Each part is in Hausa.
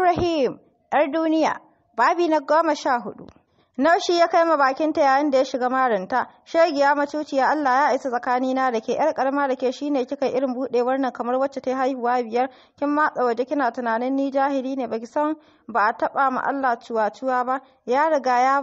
rahim ‘yar duniya, babi na goma sha hudu. Naushi ya kai ma bakinta yayin da ya shiga marinta, shegiya macuciya Allah ya isa tsakanina da ke ‘yar karama da ke shine kika irin buɗewar nan kamar wacce ta haihuwa biyar, kin matsa waje kina tunanin ni jahili ne baki san ba a taɓa ma Allah cuwa-cuwa ba, ya riga ya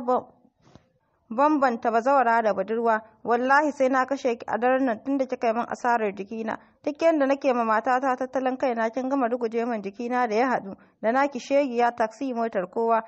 bambanta bazawara da budurwa, wallahi sai na kashe ki a daren nan tunda kika yi min asarar jikina duk yanda nake ma matata tattalin kaina kin gama ruguje min jikina da ya haɗu da na shegi shegiya taksi motar kowa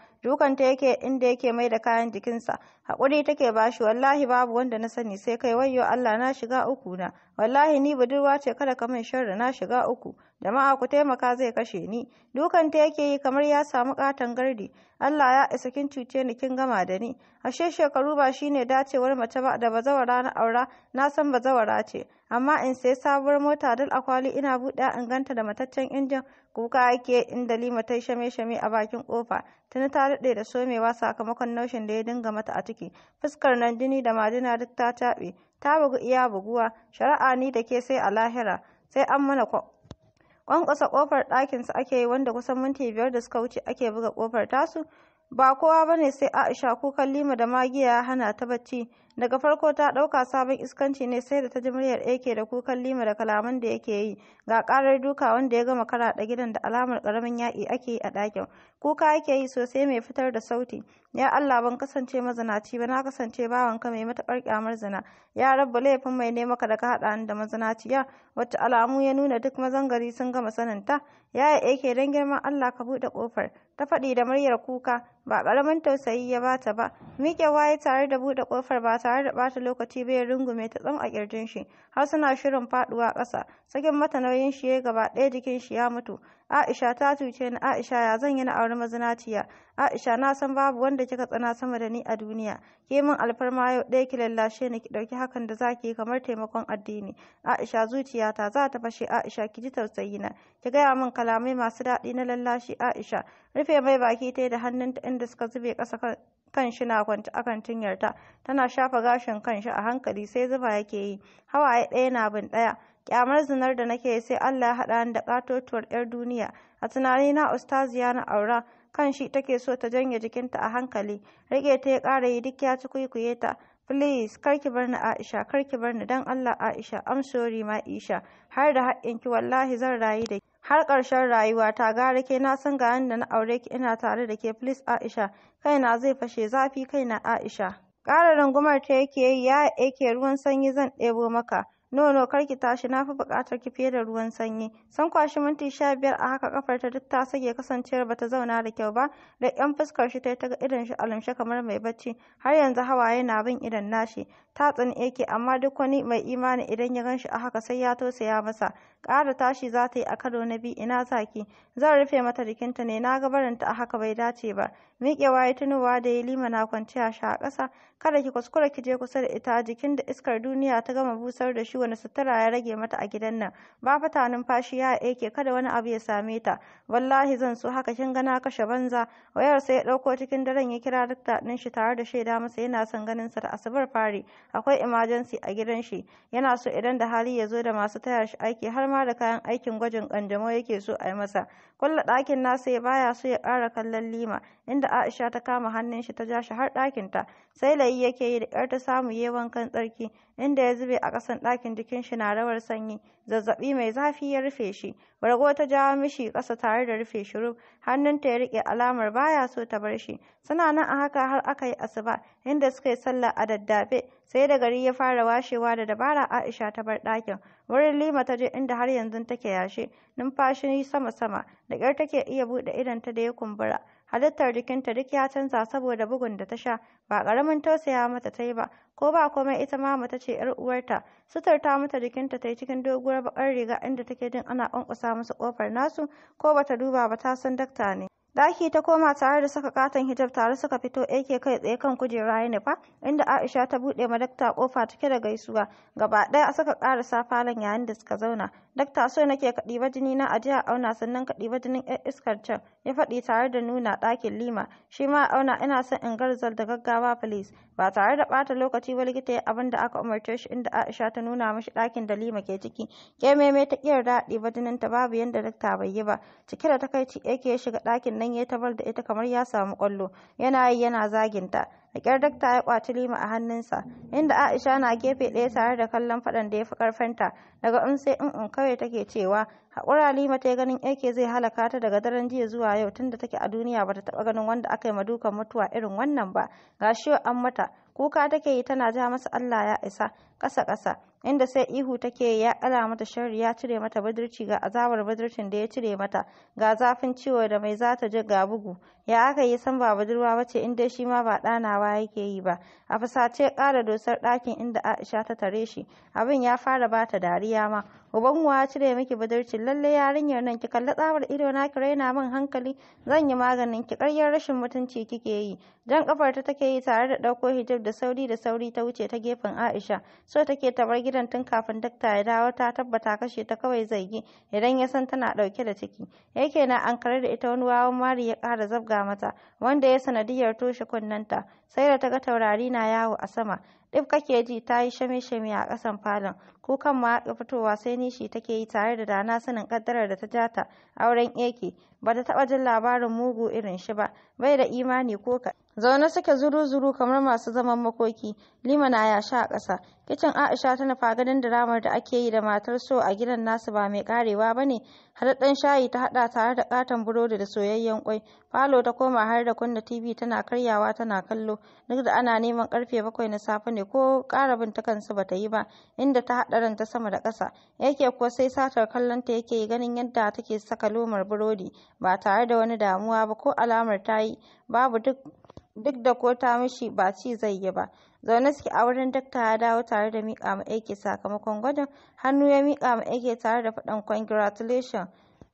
ta yake inda yake mai da kayan jikinsa hakuri take bashi wallahi babu wanda na sani sai kai wayyo Allah na shiga uku na wallahi ni budurwa ce kada ka min sharri na shiga uku jama'a ku taimaka zai kashe ni ta yake yi kamar ya samu katan gardi Allah ya isa kin cuce ni kin gama da ni ashe shekaru ba shine dacewar mace ba da bazawar bazawara na aura na san ba zawara ce amma in sai sabuwar mota dal akwali ina buɗe in ganta da mataccen injin kuka ake in dalima ta shame shame a bakin kofa tuni ta daɗe da somewa sakamakon naushin da ya dinga mata a ciki fuskar nan jini da majina duk ta taɓe ta bugu iya buguwa shari'a ni da ke sai a lahira sai an mana kwankwasa kofar ɗakinsa ake yi wanda kusan minti biyar da suka wuce ake buga kofar tasu ba kowa bane sai Aisha ko Kallima da Magiya hana ta bacci daga farko ta ɗauka sabon iskanci ne sai da ta ji muryar eke da kukan lima da kalaman da yake yi ga karar duka wanda ya gama karaɗa gidan da alamar ƙaramin yaƙi ake yi a ɗakin kuka yake yi sosai mai fitar da sauti ya Allah ban kasance mazinaci ba na kasance bawanka mai matuƙar ƙyamar zina ya Rabu laifin mai ne maka da ka haɗa da mazinaciya wacce alamu ya nuna duk mazan gari sun gama saninta ya eke don girman Allah ka buɗe ƙofar ta faɗi da muryar kuka ba ƙaramin tausayi ya bata ba miƙewa ya tare da buɗe ƙofar ba tare da ɓata lokaci bai rungume ta tsam a ƙirjin shi har suna shirin faɗuwa ƙasa sakin mata nauyin shi ya gaba ɗaya jikin shi ya mutu Aisha ta tuce ni Aisha ya zan yi na auri mazinaciya Aisha na san babu wanda kika tsana sama da ni a duniya ke min alfarma yau ɗaya ki lallashe ni ki ɗauki hakan da zaki kamar taimakon addini Aisha zuciyata za ta fashe Aisha ki ji tausayi na ki gaya min kalamai masu daɗi na lallashi Aisha rufe mai baki ta da hannunta inda suka zube ƙasa kan shi na kwance akan yarta tana shafa gashin kanshi a hankali sai zuba yake yi hawaye ɗaya na bin ɗaya kyamar zinar da nake sai Allah ya haɗa ni da katotuwar yar duniya a tunani na ustaziya na aura kan shi take so ta janye jikinta a hankali rage ta ya ƙara yi duk ya ci kuikuye ta please kar ki bar ni Aisha kar ki bar ni dan Allah Aisha am sorry ma Aisha har da haƙƙinki wallahi zan rayu da ki har ƙarshen rayuwata gara ke na san ga da na aure ki ina tare da ke please Aisha kaina zai fashe zafi kaina Aisha ƙara rungumar ta yake yi ya yake ruwan sanyi zan ɗebo maka nono kar ki tashi na fi buƙatar ki fiye da ruwan sanyi san kwashi minti sha biyar a haka kafar ta duk ta sake kasancewar bata zauna da kyau ba da ƴan fuskar shi ta ta ga idon shi alamshe kamar mai bacci har yanzu hawaye na bin idan nashi ta tsani yake amma duk wani mai imani idan ya ganshi a haka sai ya tausaya masa ƙara tashi za ta yi a karo na biyu ina za ki zan rufe mata jikinta ne na ga barinta a haka bai dace ba miƙewa ya tunowa da ya lima na kwanciya shi a ƙasa kada ki kuskura ki je kusa da ita jikin da iskar duniya ta gama busar da shi wani sutura ya rage mata a gidan nan ba fata numfashi ya ake kada wani abu ya same ta wallahi zan so haka kin gana kashe banza wayar sai ya ɗauko cikin daren ya kira dakta ɗin shi tare da shaida masa yana son ganin sa da asabar fari akwai imajensi a gidan shi yana so idan da hali ya zo da masu taya shi aiki har ma da kayan aikin gwajin kanjamau yake so a yi masa kulla ɗakin nasa ya baya so ya ƙara kallon lima inda Aisha ta kama hannun shi ta ja shi har ta. sai layi yake yi da ƙyar ta samu yi wankan tsarki, inda ya zube a ƙasan ɗakin jikin shi na rawar sanyi, zazzaɓi mai zafi ya rufe shi, bargo ta jawo mishi ƙasa tare da rufe shi rub, hannunta ya riƙe alamar baya so ta bar shi, suna nan a haka har aka yi asuba, inda suka yi sallah a daddafe, sai da gari ya fara washewa da dabara Aisha ta bar ɗakin. Wurin Lima ta je inda har yanzu take yashe, numfashi sama-sama, da ƙyar take iya buɗe idonta da ya kumbura. Halittar jikinta duk ya canza saboda bugun da ta sha, ba ƙaramin tausaya mata ta yi ba, ko ba komai ita ma mata ce ‘yar uwarta. Suturta mata jikinta ta yi cikin doguwar baƙar riga inda take jin ana ƙwanƙwasa musu ƙofar nasu, ko bata duba ba ta san dakta ne. Daki ta koma tare da saka katon hijab tare suka fito AK kai tsaye kan kujera ya nufa, inda Aisha ta buɗe madakta ƙofa cike da gaisuwa, gaba ɗaya suka ƙarasa falon yayin da suka zauna. Dakta so nake ka ɗiba jini na aje a auna sannan ka ɗiba jinin ƴar iskar can, ya faɗi tare da nuna ɗakin Lima. Shi ma a auna ina son in garzal da gaggawa please. Ba tare da ɓata lokaci ba likita ya abin da aka umarce shi inda Aisha ta nuna mashi ɗakin da Lima ke ciki. Kememe ta ƙi yarda a ɗiba jinin ta babu yadda dakta bai yi ba. Cike da takaici yake shiga ɗakin nan ya tabar da ita kamar ya samu ƙwallo. Yana yi yana zaginta. da duk ta ya kwaci lima a hannunsa inda aisha na gefe ɗaya tare da kallon faɗan da ya fi ƙarfinta daga in um sai in um um kawai take cewa haƙura lima ta ganin yake zai halaka ta daga daren jiya zuwa yau tunda take a duniya bata taɓa ganin wanda aka yi dukan mutuwa irin wannan ba ga shi an mata kuka take yi tana ja masa Allah ya isa ƙasa ƙasa inda sai ihu take ya ƙala mata Shari ya cire mata badirci ga azabar badircin da ya cire mata ga zafin ciwo da mai zata ji ga bugu ya aka yi san ba budurwa ba ce inda shi ma ba ɗanawa yake yi ba a fusace ya ƙara dosar ɗakin inda aisha ta tare shi abin ya fara ba ta dariya ma uban uwa cire miki budurci lalle yarinyar nan ki kalli tsabar ido na ki raina min hankali zan yi maganin ki ƙaryar rashin mutunci kike yi jan kafar ta take yi tare da ɗauko hijab da sauri da sauri ta wuce ta gefen aisha so take ta bar gidan tun kafin dakta ya dawo ta tabbata kashe ta kawai zai yi idan ya san tana ɗauke da ciki yake na an da ita wani wawan mari ya ƙara zabga mata, wanda ya sanadiyar sanadiyyar toshe kunnenta sai da ta ga taurari na yawo a sama ɗif kake ji ta yi shame-shame a ƙasan falon kan ma ya fitowa sai nishi take yi tare da dana sanin ƙaddarar da ta jata auren eke ba ta taɓa jin labarin mugu irin shi ba bai da imani ko ka zaune suke zuru-zuru kamar masu zaman makoki lima na yasha a ƙasa kicin aisha ta nufa ganin diramar da ake yi da matar so a gidan nasu ba mai karewa ba ne haɗaɗɗen shayi ta haɗa tare da ƙaton burodi da soyayyen kwai falo ta koma har da kunna tv tana karyawa tana kallo duk da ana neman karfe bakwai na safe ne ko karabin ta kansu bata yi ba inda ta hadarin ta sama da ƙasa yake ko sai satar kallon ta yake ganin yadda take saka lomar burodi ba tare da wani damuwa ba ko alamar ta yi babu duk duk da ko ta mishi ba ci zai yi ba zaune suke a wurin dakta ya dawo tare da miƙa ma aiki sakamakon gwajin hannu ya miƙa ma aiki tare da faɗan congratulation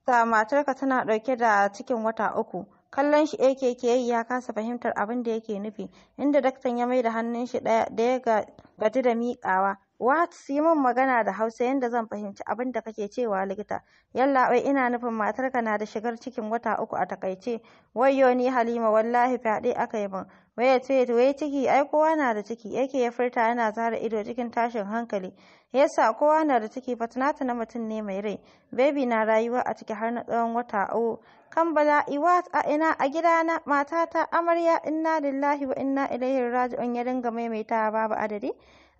ta matarka tana ɗauke da cikin wata uku kallon shi ake ke ya kasa fahimtar abin da yake nufi inda daktan ya mai da hannun shi ɗaya ga ya da miƙawa What? Yi min magana da Hausa yadda zan fahimci abin da kake cewa likita. Yallaɓai ina nufin matarka na da shigar cikin wata uku a takaice. wayo ni Halima wallahi fyaɗe aka yi min. Waya ce wai ciki ai kowa na da ciki yake ya furta yana zara ido cikin tashin hankali. Yasa kowa na da ciki fatinata na mutum ne mai rai. Baby na rayuwa a ciki har na tsawon wata uku. kan bala'i wat a ina a gidana matata amarya inna lillahi wa inna ilaihi raji'un ya dinga maimaitawa babu adadi.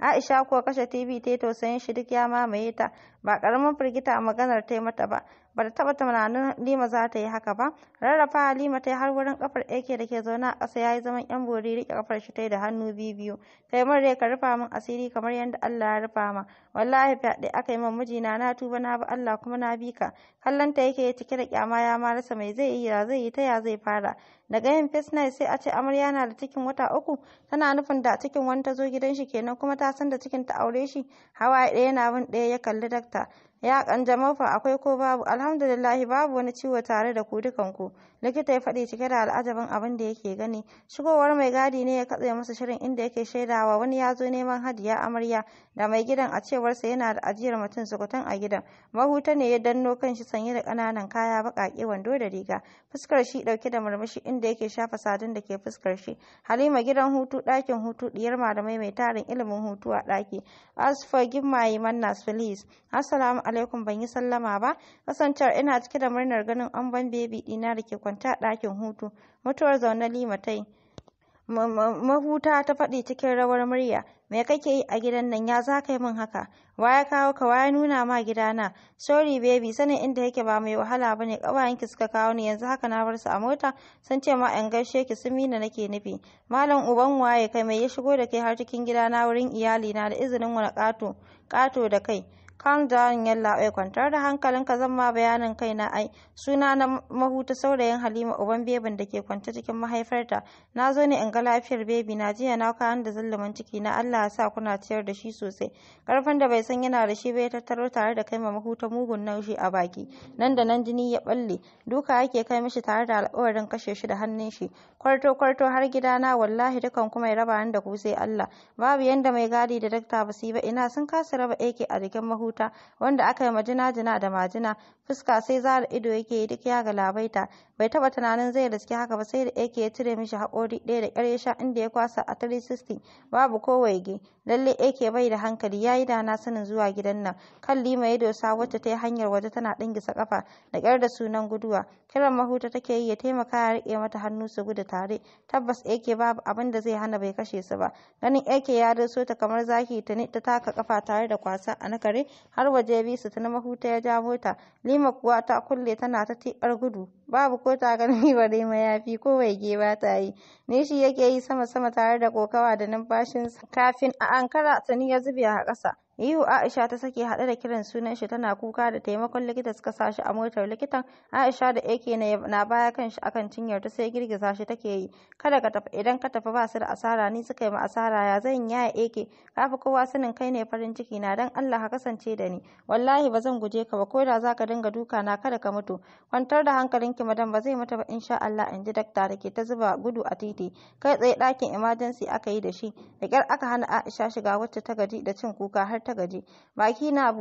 Aisha kuwa kashe TV ta yi tausayin shi duk ya mamaye ta, ba ƙaramin firgita maganar ta yi mata ba, ba ta taɓa tunanin Halima za ta yi haka ba. Rarrafa Halima ta yi har wurin kafar AK da ke zaune a ƙasa ya yi zaman ‘yan bori riƙe kafar shi ta yi da hannu biyu. Kai mun rai ka rufa min asiri kamar yadda Allah ya rufa ma. Wallahi fyaɗe aka yi min mijina na tuba na bi Allah kuma na bi ka. Kallon ta yake cike da kyama ya ma rasa mai zai yi ya zai yi ta ya zai fara. Daga yin face sai a ce amarya na da cikin wata uku tana nufin da cikin wani ta zo gidan shi kenan kuma ta san da cikin ta aure shi. Hawa ɗaya na bin ɗaya ya kalli dakta. ya kanjamau akwai ko babu alhamdulillahi babu wani ciwo tare da ku dukanku. likita ya faɗi cike da al'ajabin abin da yake gani shigowar mai gadi ne ya katse masa shirin inda yake shaidawa wani ya zo neman hadiya amarya da mai gidan a cewarsa yana da ajiyar mutum sukutan a gidan mahuta ne ya danno kanshi sanye da ƙananan kaya baƙaƙe wando da riga fuskar shi ɗauke da murmushi inda yake shafa sadin da ke fuskar shi halima gidan hutu ɗakin hutu ɗiyar malamai mai tarin ilimin hutu a ɗaki as for give my manners please assalamu alaikum ban yi sallama ba kasancewar ina cike da murnar ganin amban bebi dina da ke kwanta a ɗakin hutu mutuwar zaune lima ta mahuta ta faɗi cikin rawar murya me kake yi a gidan nan ya za ka yi min haka waya kawo ka ya nuna ma gidana sorry baby sanin inda yake ba mai wahala ba ne ƙawayenki suka kawo ni yanzu haka na bar su a mota sun ce ma in gaishe ki sun mina nake nufi malam uban waye kai mai ya shigo da kai har cikin gidana wurin iyalina da izinin wani ƙato da kai calm down ai kwantar da hankalinka zan ma bayanin na ai suna na mahuta saurayin halima uban bebin da ke kwance cikin mahaifarta na zo ne in ga lafiyar bebi na jiya na kawo da zulluman ciki na allah ya sa kuna ciyar da shi sosai karfin da bai san yana da shi bai tattaro tare da kai ma mahuta mugun naushi a baki nan da nan jini ya balle duka yake kai mishi tare da alƙawarin kashe shi da hannun shi kwarto kwarto har gidana wallahi dukan kuma ya raba ni da ku sai Allah babu yanda mai gadi da dakta ba ba ina sun kasa raba AK a jikin mahuta wanda aka yi majina jina da majina fuska sai zara ido yake yi duk ya labaita bai taba tunanin zai riske haka ba sai da AK ya cire mishi haƙori ɗaya da ƙyar sha inda ya kwasa a 360 babu ko waige lalle AK bai da hankali ya yi dana sanin zuwa gidan nan kan lima ya dosa wacce ta yi hanyar waje tana dingisa kafa da ƙyar da sunan guduwa Kiran mahuta take yi ya taimaka ya rike mata hannu su gudu tare. Tabbas AK babu abin da zai hana bai kashe su ba. Ganin yake ya doso ta kamar zaki ta ni ta taka kafa tare da kwasa a nakare har waje bi su tana mahuta ya ja mota. Lima kuwa ta kulle tana ta tiƙar gudu. Babu ko ta gani ba dai mayafi ko ge ba ta yi. ne shi yake yi sama sama tare da kokawa da numfashinsa. Kafin a ankara sani ya zube a ƙasa. Ihu Aisha ta sake haɗe da kiran sunan shi tana kuka da taimakon likita suka sa shi a motar likitan Aisha da Eke na baya kan shi akan cinyar ta sai girgiza shi take yi kada ka tafi idan ka tafi ba su da asara ni suka yi ma asara ya zan yaya Eke. kafi kowa sanin kai ne farin ciki na dan Allah ka kasance da ni wallahi ba zan guje ka ba ko da zaka dinga duka na kada ka mutu kwantar da hankalinki madam ba zai mutu ba insha Allah inji dakta da ke ta zuba gudu a titi kai tsaye ɗakin emergency aka yi da shi da kyar aka hana Aisha shiga wacce ta gaji da cin kuka har ta gaji baki na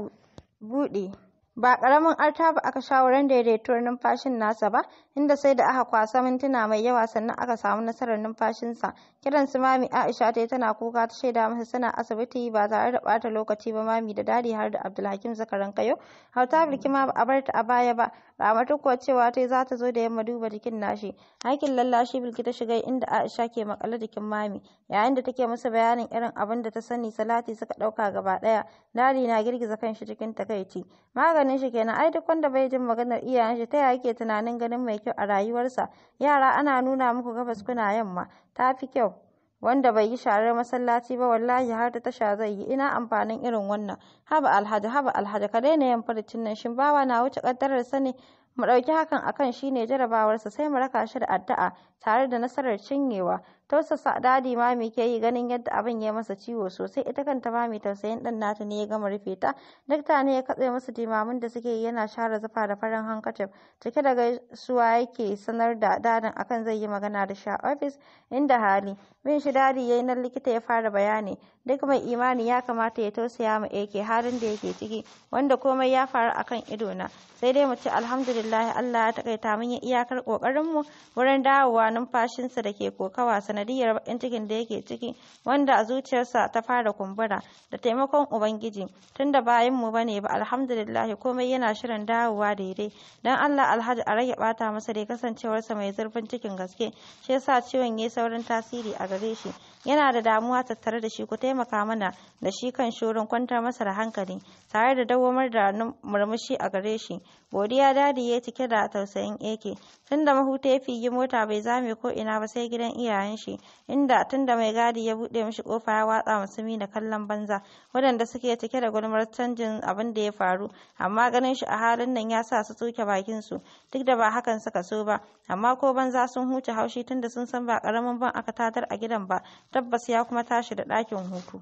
buɗe ba ƙaramin arta ba aka sha daidaituwar numfashin nasa ba inda sai da aka kwasa mintuna mai yawa sannan aka samu nasarar numfashinsa kiran su mami aisha ta tana kuka ta shaida masa suna asibiti ba tare da ɓata lokaci ba mami da dadi har da abdulhakim zakaran kayo har ta bilki ma ba a barta a baya ba Ramatu kuwa cewa ta za ta zo da yamma duba jikin nashi. Hakin lallashi Bilki ta shiga inda Aisha ke makale jikin mami. Yayin da take masa bayanin irin abin da ta sani Salati suka ɗauka gaba ɗaya. dadi na girgiza kanshi cikin takaici. Maganin shi kenan ai duk wanda bai jin maganar iyayen shi ta yaya yake tunanin ganin mai kyau a rayuwarsa. Yara ana nuna muku gabas kuna yamma. Ta fi kyau. wanda bai yi sharar masallaci ba wallahi har ta tasha zai yi ina amfanin irin wannan haba alhaji haba alhaji ka daina yin furucin nan shin bawa na wuce kaddarar sa ne mu ɗauki hakan akan shine jarabawarsa sai mu raka shi da addu'a tare da nasarar cinyewa tausasa dadi mami ke yi ganin yadda abin ya masa ciwo sosai ita kanta mami tausayin ɗan nata ne ya gama rufe ta dakta ne ya katse musu timamin da suke yi yana share zufa da farin hankacin cike da gaisuwa yake sanar da dadin akan zai yi magana da sha a ofis inda hali bin shi dadi yayi nan likita ya fara bayani duk mai imani ya kamata ya tausaya mu yake halin da yake ciki wanda komai ya faru akan na sai dai mu ce alhamdulillah alhamdulillah Allah ya takaita mun yi iyakar kokarin mu wurin dawowa numfashinsa da ke kokawa sanadiyar bakin cikin da yake ciki wanda a zuciyarsa ta fara kumbura da taimakon ubangiji tunda bayan mu bane ba alhamdulillah komai yana shirin dawowa daidai dan Allah Alhaji a rage bata masa da kasancewarsa mai zurfin cikin gaske shi yasa ciwon yayi saurin tasiri a gare shi yana da damuwa tattare da shi ku taimaka mana da shi kan shorin kwantar masa da hankali tare da dawomar da murmushi a gare shi godiya dadi ya cike da tausayin AK. Tunda mahuta ya figi mota bai zame ko ina ba sai gidan iyayen shi, inda tunda mai gadi ya buɗe mishi kofa ya watsa mi da kallon banza, waɗanda suke cike da gulmar canjin abin da ya faru, amma ganin shi a halin nan ya sa su tsuke bakin su, duk da ba hakan suka so ba, amma ko banza sun huce haushi tunda sun san ba karamin ban aka tatar a gidan ba, tabbas ya kuma tashi da ɗakin hutu.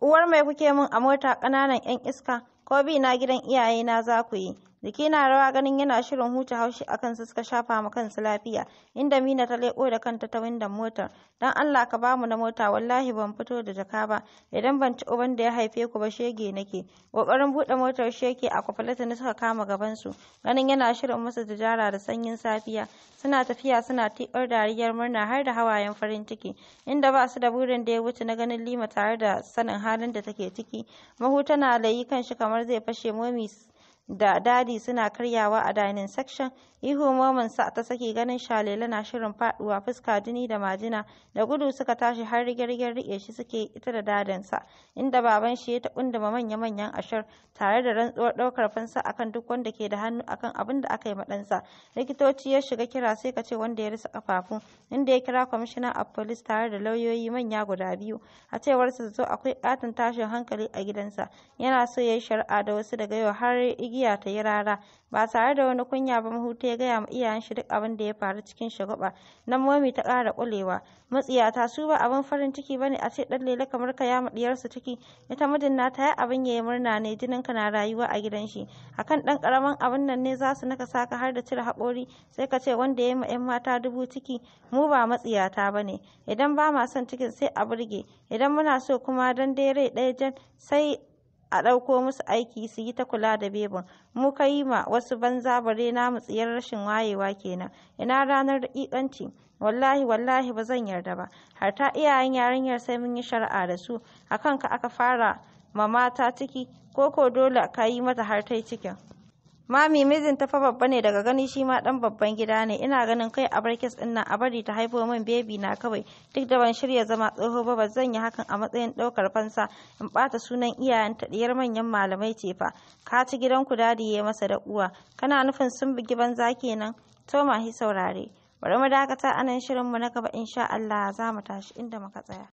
Uwar mai kuke min a mota ƙananan 'yan iska, ko bi na gidan iyayena za ku yi, Jiki na rawa ganin yana shirin huce haushi akan su suka shafa ma kansu lafiya, inda Mina ta leƙo da kanta ta windon motar. Don Allah ka bamu na mota wallahi ban fito da jaka ba, idan ban ci uban da ya haife ku ba shege nake. Ƙoƙarin buɗe motar sheke a kwafalata na suka kama gaban su ganin yana shirin musu tijara da sanyin safiya. Suna tafiya suna tiɓar dariyar murna har da hawayen farin ciki, inda ba su da burin da ya wuce na ganin Lima tare da sanin halin da take ciki. Mahu tana layi kan shi kamar zai fashe momis da dadi suna karyawa a dining section ihu momin sa ta saki ganin shalele na shirin faduwa fuska jini da majina da gudu suka tashi har rigirgir riƙe shi suke ita da dadin inda baban shi ya ta kunduma manya manyan ashir tare da rantsuwar ɗaukar fansa akan duk wanda ke da hannu akan abin da aka yi maɗansa. likitoci ya shiga kira sai ka ce wanda ya rasa kafafu inda ya kira kwamishinan a police tare da lauyoyi manya guda biyu a cewar su zo akwai katin tashin hankali a gidansa yana so ya yi shari'a da wasu daga yau har igiya. giya ta yi rara ba tare da wani kunya ba mahuta ya gaya ma iyayen shi duk abin da ya faru cikin shagwaba nan momi ta ƙara ƙulewa matsiyata su ba abin farin ciki bane a ce ɗan lele kamar ka ya maɗiyarsu ciki ita mijin na ta yi abin ya yi murna ne jinin ka na rayuwa a gidan shi akan ɗan ƙaramin abin nan ne za su naka saka har da cire haƙori sai ka ce wanda ya yi ma 'yan mata dubu ciki mu ba matsiyata ba ne. idan ba ma son cikin sai a burge idan muna so kuma dan dai rai ɗaya jan sai a ɗauko musu aiki su yi ta kula da bebin mu kai ma wasu banza bare namu mu tsiyar rashin wayewa kenan ina ranar daƙiƙanci wallahi wallahi ba zan yarda ba har ta iyayen yarinyar sai mun yi shari'a da su akan ka aka fara ma mata ciki ko ko dole ka yi mata har ta cikin Mami ta fa babba ne daga gani shi ma dan babban gida ne ina ganin kai a bar kes din a bari ta haifo min bebi na kawai duk da ban shirya zama tsoho ba ba zan yi hakan a matsayin daukar fansa in bata sunan iyayen ta diyar manyan malamai ce fa ka ci gidan ku dadi ya masa da uwa kana nufin sun bugi banza kenan to ma hi saurare bari mu dakata anan shirin mu na gaba insha Allah za mu tashi inda muka tsaya